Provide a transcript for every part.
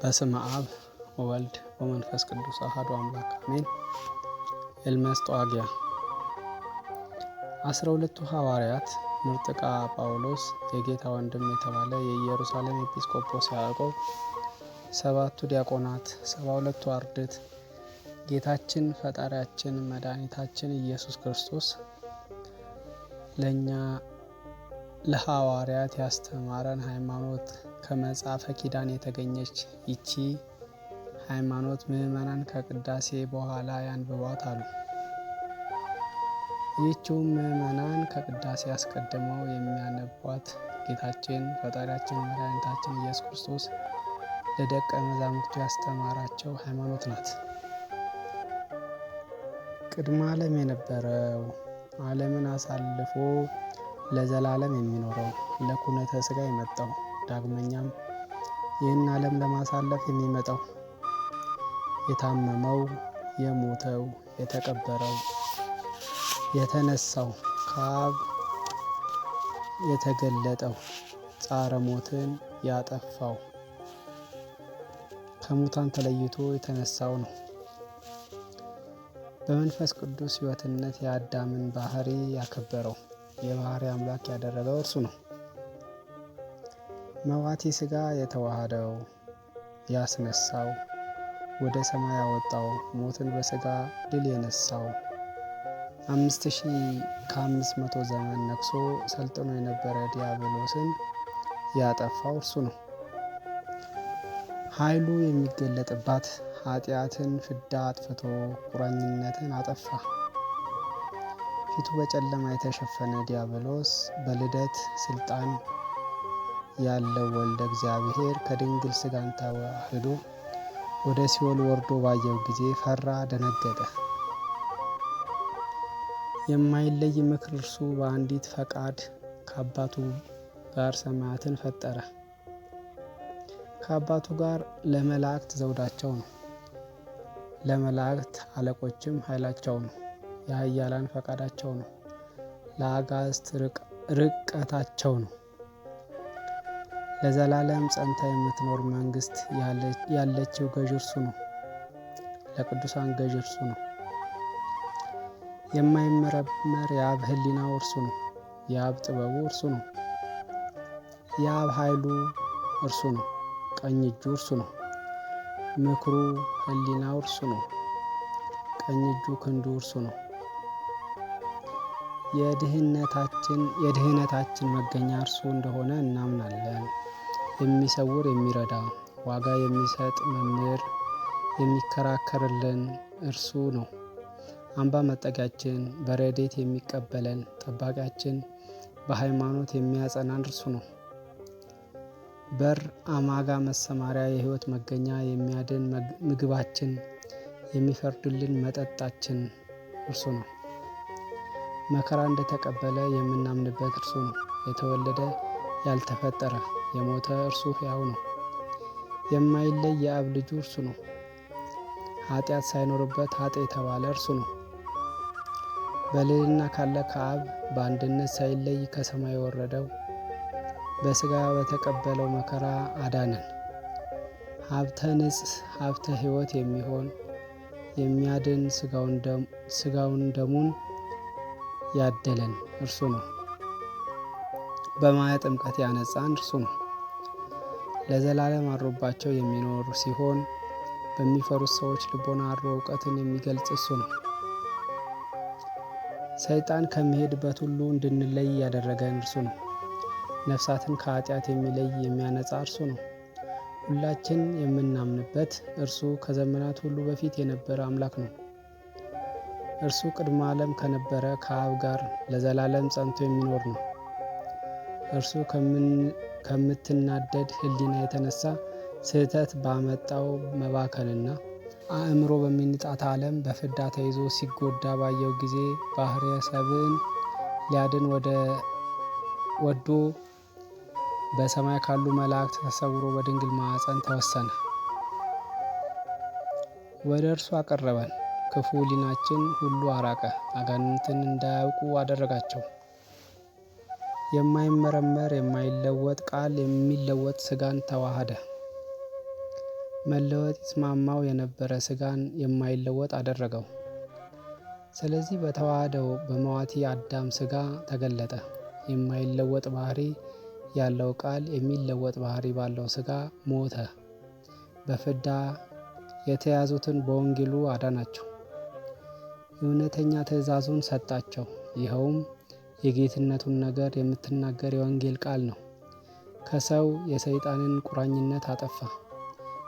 በስመ አብ ወወልድ ወመንፈስ ቅዱስ አሐዱ አምላክ አሜን። እልመስጧጊያ አስራ ሁለቱ ሐዋርያት ምርጥቃ ጳውሎስ፣ የጌታ ወንድም የተባለ የኢየሩሳሌም ኤጲስቆጶስ ያዕቆብ፣ ሰባቱ ዲያቆናት፣ ሰባ ሁለቱ አርድት ጌታችን ፈጣሪያችን መድኃኒታችን ኢየሱስ ክርስቶስ ለእኛ ለሐዋርያት ያስተማረን ሃይማኖት ከመጽሐፈ ኪዳን የተገኘች ይቺ ሃይማኖት ምዕመናን ከቅዳሴ በኋላ ያንብቧት አሉ። ይህችውም ምዕመናን ከቅዳሴ አስቀድመው የሚያነቧት ጌታችን ፈጣሪያችን መድኃኒታችን ኢየሱስ ክርስቶስ ለደቀ መዛሙርቱ ያስተማራቸው ሃይማኖት ናት። ቅድመ ዓለም የነበረው ዓለምን አሳልፎ ለዘላለም የሚኖረው ለኩነተ ስጋ የመጣው ዳግመኛም ይህን ዓለም ለማሳለፍ የሚመጣው የታመመው የሞተው የተቀበረው የተነሳው ከአብ የተገለጠው ጻረ ሞትን ያጠፋው ከሙታን ተለይቶ የተነሳው ነው። በመንፈስ ቅዱስ ሕይወትነት የአዳምን ባህሪ ያከበረው የባህር አምላክ ያደረገው እርሱ ነው። መዋቲ ስጋ የተዋሃደው ያስነሳው ወደ ሰማይ ያወጣው ሞትን በስጋ ድል የነሳው አምስት ሺህ ከአምስት መቶ ዘመን ነግሶ ሰልጥኖ የነበረ ዲያብሎስን ያጠፋው እርሱ ነው። ኃይሉ የሚገለጥባት ኃጢአትን ፍዳ አጥፍቶ ቁራኝነትን አጠፋ። ፊቱ በጨለማ የተሸፈነ ዲያብሎስ በልደት ስልጣን ያለው ወልደ እግዚአብሔር ከድንግል ስጋን ተዋህዶ ወደ ሲኦል ወርዶ ባየው ጊዜ ፈራ፣ ደነገጠ። የማይለይ ምክር እርሱ በአንዲት ፈቃድ ከአባቱ ጋር ሰማያትን ፈጠረ። ከአባቱ ጋር ለመላእክት ዘውዳቸው ነው፣ ለመላእክት አለቆችም ኃይላቸው ነው። የኃያላን ፈቃዳቸው ነው፣ ለአጋዕዝት ርቀታቸው ነው። ለዘላለም ጸንታ የምትኖር መንግስት ያለችው ገዥ እርሱ ነው። ለቅዱሳን ገዥ እርሱ ነው። የማይመረመር የአብ ህሊናው እርሱ ነው። የአብ ጥበቡ እርሱ ነው። የአብ ኃይሉ እርሱ ነው። ቀኝ እጁ እርሱ ነው። ምክሩ ህሊናው እርሱ ነው። ቀኝ እጁ ክንዱ እርሱ ነው። የድህነታችን የድህነታችን መገኛ እርሱ እንደሆነ እናምናለን። የሚሰውር የሚረዳ ዋጋ የሚሰጥ መምህር የሚከራከርልን እርሱ ነው። አምባ መጠጊያችን በረዴት የሚቀበለን ጠባቂያችን በሃይማኖት የሚያጸናን እርሱ ነው። በር አማጋ መሰማሪያ የህይወት መገኛ የሚያድን ምግባችን የሚፈርድልን መጠጣችን እርሱ ነው። መከራ እንደተቀበለ የምናምንበት እርሱ ነው። የተወለደ ያልተፈጠረ የሞተ እርሱ ሕያው ነው። የማይለይ የአብ ልጁ እርሱ ነው። ኃጢአት ሳይኖርበት ኃጥ የተባለ እርሱ ነው። በልዕልና ካለ ከአብ በአንድነት ሳይለይ ከሰማይ የወረደው በስጋ በተቀበለው መከራ አዳነን። ሀብተ ንጽሕ ሀብተ ሕይወት የሚሆን የሚያድን ስጋውን ደሙን ያደለን እርሱ ነው። በማየ ጥምቀት ያነጻን እርሱ ነው። ለዘላለም አድሮባቸው የሚኖር ሲሆን በሚፈሩት ሰዎች ልቦና አድሮ እውቀትን የሚገልጽ እሱ ነው። ሰይጣን ከሚሄድበት ሁሉ እንድንለይ ያደረገን እርሱ ነው። ነፍሳትን ከኃጢአት የሚለይ የሚያነጻ እርሱ ነው። ሁላችን የምናምንበት እርሱ ከዘመናት ሁሉ በፊት የነበረ አምላክ ነው። እርሱ ቅድመ ዓለም ከነበረ ከአብ ጋር ለዘላለም ጸንቶ የሚኖር ነው። እርሱ ከምትናደድ ሕሊና የተነሳ ስህተት ባመጣው መባከንና አእምሮ በሚንጣት ዓለም በፍዳ ተይዞ ሲጎዳ ባየው ጊዜ ባህርየ ሰብን ሊያድን ወደ ወዶ በሰማይ ካሉ መላእክት ተሰውሮ በድንግል ማዕፀን ተወሰነ፣ ወደ እርሱ አቀረበን። ክፉ ሊናችን ሁሉ አራቀ፣ አጋንንትን እንዳያውቁ አደረጋቸው። የማይመረመር የማይለወጥ ቃል የሚለወጥ ስጋን ተዋሃደ። መለወጥ ይስማማው የነበረ ስጋን የማይለወጥ አደረገው። ስለዚህ በተዋህደው በመዋቲ አዳም ስጋ ተገለጠ። የማይለወጥ ባህሪ ያለው ቃል የሚለወጥ ባህሪ ባለው ስጋ ሞተ። በፍዳ የተያዙትን በወንጌሉ አዳናቸው። እውነተኛ ትእዛዙን ሰጣቸው። ይኸውም የጌትነቱን ነገር የምትናገር የወንጌል ቃል ነው። ከሰው የሰይጣንን ቁራኝነት አጠፋ።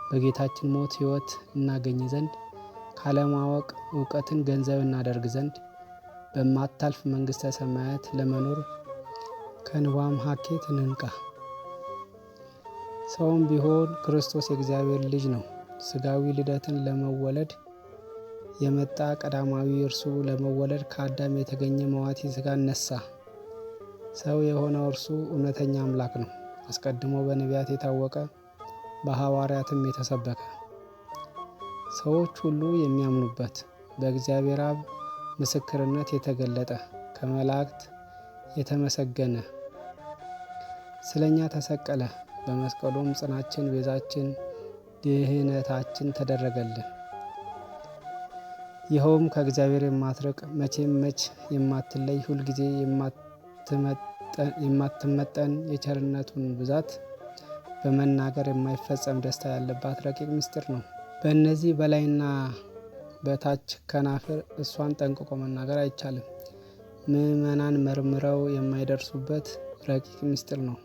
በጌታችን ሞት ሕይወት እናገኝ ዘንድ ካለማወቅ እውቀትን ገንዘብ እናደርግ ዘንድ በማታልፍ መንግሥተ ሰማያት ለመኖር ከንባም ሀኬት እንንቃ። ሰውም ቢሆን ክርስቶስ የእግዚአብሔር ልጅ ነው። ስጋዊ ልደትን ለመወለድ የመጣ ቀዳማዊ እርሱ ለመወለድ ከአዳም የተገኘ መዋቲ ስጋ ነሳ። ሰው የሆነው እርሱ እውነተኛ አምላክ ነው። አስቀድሞ በነቢያት የታወቀ በሐዋርያትም የተሰበከ ሰዎች ሁሉ የሚያምኑበት በእግዚአብሔር አብ ምስክርነት የተገለጠ ከመላእክት የተመሰገነ ስለኛ ተሰቀለ። በመስቀሉም ጽናችን፣ ቤዛችን፣ ድህነታችን ተደረገልን። ይኸውም ከእግዚአብሔር የማትርቅ መቼም መች የማትለይ ሁልጊዜ የማትመጠን የቸርነቱን ብዛት በመናገር የማይፈጸም ደስታ ያለባት ረቂቅ ምስጢር ነው። በእነዚህ በላይና በታች ከናፍር እሷን ጠንቅቆ መናገር አይቻልም። ምዕመናን መርምረው የማይደርሱበት ረቂቅ ምስጢር ነው።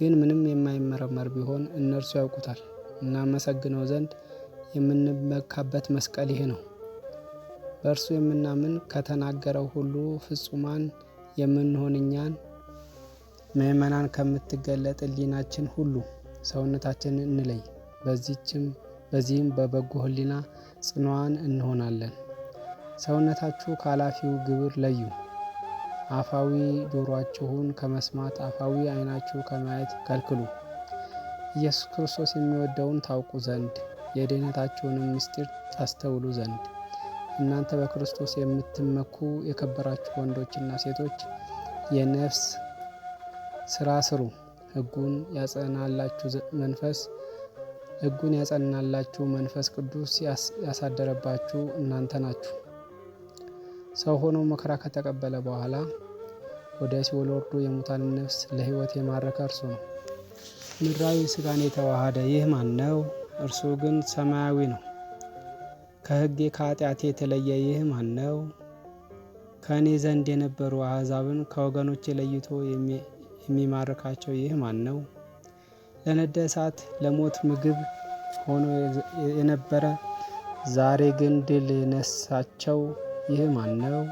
ግን ምንም የማይመረመር ቢሆን እነርሱ ያውቁታል። እናመሰግነው ዘንድ የምንመካበት መስቀል ይሄ ነው። በእርሱ የምናምን ከተናገረው ሁሉ ፍጹማን የምንሆን እኛን ምእመናን ከምትገለጥ ሁሉ ሰውነታችንን እንለይ። በዚችም በዚህም በበጎ ህሊና ጽንዋን እንሆናለን። ሰውነታችሁ ከኃላፊው ግብር ለዩ። አፋዊ ጆሮአችሁን ከመስማት አፋዊ ዓይናችሁ ከማየት ከልክሉ። ኢየሱስ ክርስቶስ የሚወደውን ታውቁ ዘንድ የድኅነታችሁንም ምስጢር ታስተውሉ ዘንድ እናንተ በክርስቶስ የምትመኩ የከበራችሁ ወንዶችና ሴቶች የነፍስ ስራ ስሩ፣ ህጉን ያጸናላችሁ መንፈስ ህጉን ያጸናላችሁ መንፈስ ቅዱስ ያሳደረባችሁ እናንተ ናችሁ። ሰው ሆኖ መከራ ከተቀበለ በኋላ ወደ ሲኦል ወርዶ የሙታንን ነፍስ ለህይወት የማረከ እርሱ ነው። ምድራዊ ስጋን የተዋሃደ ይህ ማን ነው? እርሱ ግን ሰማያዊ ነው። ከሕጌ ከኃጢአቴ የተለየ ይህ ማን ነው? ከእኔ ዘንድ የነበሩ አሕዛብን ከወገኖቼ ለይቶ የሚማርካቸው ይህ ማን ነው? ለነደ እሳት ለሞት ምግብ ሆኖ የነበረ ዛሬ ግን ድል የነሳቸው ይህ ማን ነው?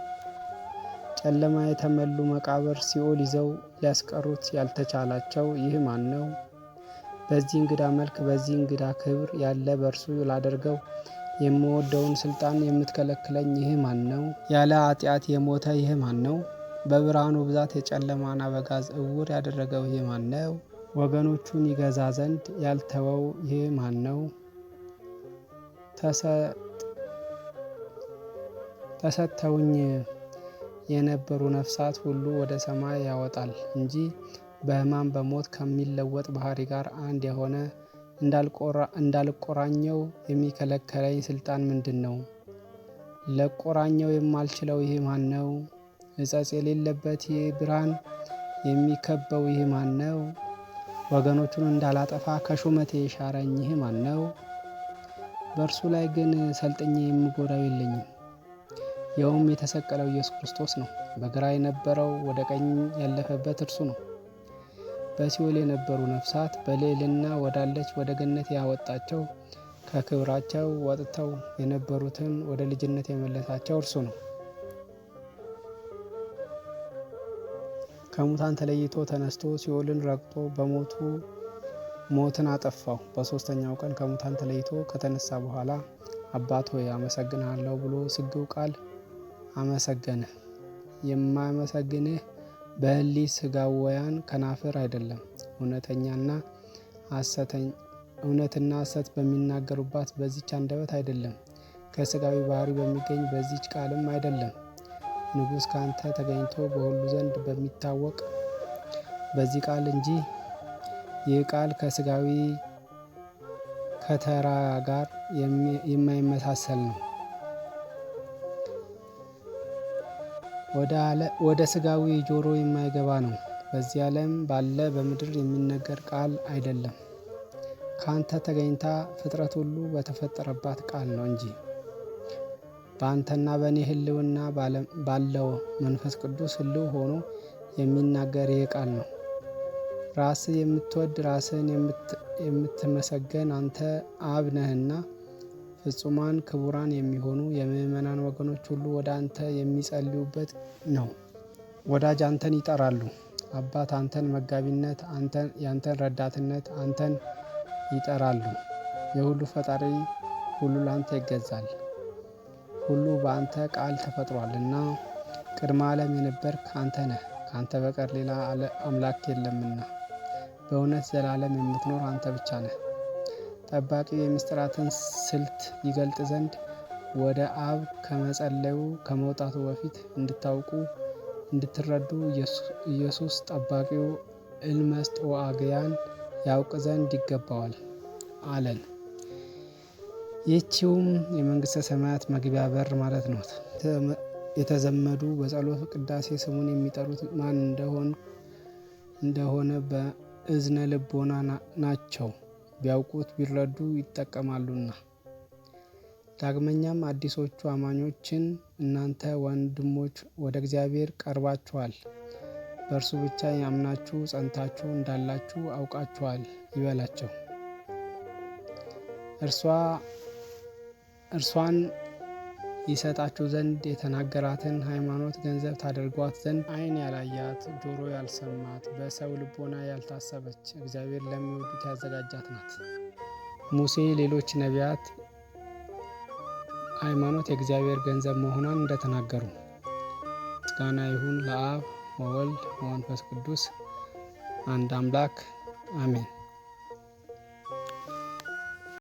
ጨለማ የተመሉ መቃብር ሲኦል ይዘው ሊያስቀሩት ያልተቻላቸው ይህ ማን ነው? በዚህ እንግዳ መልክ በዚህ እንግዳ ክብር ያለ በእርሱ ላደርገው የምወደውን ስልጣን የምትከለክለኝ ይህ ማን ነው? ያለ ኃጢአት የሞተ ይህ ማን ነው? በብርሃኑ ብዛት የጨለማን አበጋዝ እውር ያደረገው ይህ ማን ነው? ወገኖቹን ይገዛ ዘንድ ያልተወው ይህ ማን ነው? ተሰጥተውኝ የነበሩ ነፍሳት ሁሉ ወደ ሰማይ ያወጣል እንጂ በሕማም በሞት ከሚለወጥ ባህሪ ጋር አንድ የሆነ እንዳልቆራኘው የሚከለከለኝ ስልጣን ምንድን ነው? ለቆራኘው የማልችለው ይህ ማን ነው? እጸጽ የሌለበት ይህ ብርሃን የሚከበው ይህ ማን ነው? ወገኖቹን እንዳላጠፋ ከሹመቴ የሻረኝ ይህ ማን ነው? በእርሱ ላይ ግን ሰልጥኜ የምጎዳው የለኝም። ይኸውም የተሰቀለው ኢየሱስ ክርስቶስ ነው። በግራ የነበረው ወደ ቀኝ ያለፈበት እርሱ ነው። በሲኦል የነበሩ ነፍሳት በልዕልና ወዳለች ወደ ገነት ያወጣቸው ከክብራቸው ወጥተው የነበሩትን ወደ ልጅነት የመለሳቸው እርሱ ነው። ከሙታን ተለይቶ ተነስቶ ሲኦልን ረግጦ በሞቱ ሞትን አጠፋው። በሶስተኛው ቀን ከሙታን ተለይቶ ከተነሳ በኋላ አባት ሆይ አመሰግናለሁ ብሎ ስግው ቃል አመሰገንህ። የማያመሰግንህ በእሊ ስጋወያን ከናፍር አይደለም እውነተኛና እውነትና ሐሰት በሚናገሩባት በዚች አንደበት አይደለም ከስጋዊ ባህሪ በሚገኝ በዚች ቃልም አይደለም። ንጉሥ ካንተ ተገኝቶ በሁሉ ዘንድ በሚታወቅ በዚህ ቃል እንጂ ይህ ቃል ከስጋዊ ከተራ ጋር የማይመሳሰል ነው። ወደ ስጋዊ ጆሮ የማይገባ ነው። በዚህ ዓለም ባለ በምድር የሚነገር ቃል አይደለም። ከአንተ ተገኝታ ፍጥረት ሁሉ በተፈጠረባት ቃል ነው እንጂ በአንተና በእኔ ህልውና ባለው መንፈስ ቅዱስ ህልው ሆኖ የሚናገር ይህ ቃል ነው። ራስህ የምትወድ ራስህን የምትመሰገን አንተ አብ ነህና ፍጹማን ክቡራን የሚሆኑ የምዕመናን ወገኖች ሁሉ ወደ አንተ የሚጸልዩበት ነው። ወዳጅ አንተን ይጠራሉ። አባት አንተን መጋቢነት፣ ያንተን ረዳትነት አንተን ይጠራሉ። የሁሉ ፈጣሪ ሁሉ ለአንተ ይገዛል። ሁሉ በአንተ ቃል ተፈጥሯል እና ቅድመ ዓለም የነበርክ አንተ ነህ። ከአንተ በቀር ሌላ አምላክ የለምና በእውነት ዘላለም የምትኖር አንተ ብቻ ነህ። ጠባቂው የምስጢራትን ስልት ይገልጥ ዘንድ ወደ አብ ከመጸለዩ ከመውጣቱ በፊት እንድታውቁ እንድትረዱ ኢየሱስ ጠባቂው እልመስጦአግያን ያውቅ ዘንድ ይገባዋል አለን። ይህቺውም የመንግስተ ሰማያት መግቢያ በር ማለት ነው። የተዘመዱ በጸሎት ቅዳሴ ስሙን የሚጠሩት ማን እንደሆነ በእዝነ ልቦና ናቸው። ቢያውቁት ቢረዱ ይጠቀማሉና። ዳግመኛም አዲሶቹ አማኞችን እናንተ ወንድሞች ወደ እግዚአብሔር ቀርባችኋል፣ በእርሱ ብቻ ያምናችሁ ጸንታችሁ እንዳላችሁ አውቃችኋል ይበላቸው። እርሷን ይሰጣቸው ዘንድ የተናገራትን ሃይማኖት ገንዘብ ታደርጓት ዘንድ ዓይን ያላያት ጆሮ ያልሰማት በሰው ልቦና ያልታሰበች እግዚአብሔር ለሚወዱት ያዘጋጃት ናት። ሙሴ፣ ሌሎች ነቢያት ሃይማኖት የእግዚአብሔር ገንዘብ መሆኗን እንደተናገሩ ምስጋና ይሁን ለአብ ወወልድ ወመንፈስ ቅዱስ አንድ አምላክ አሜን።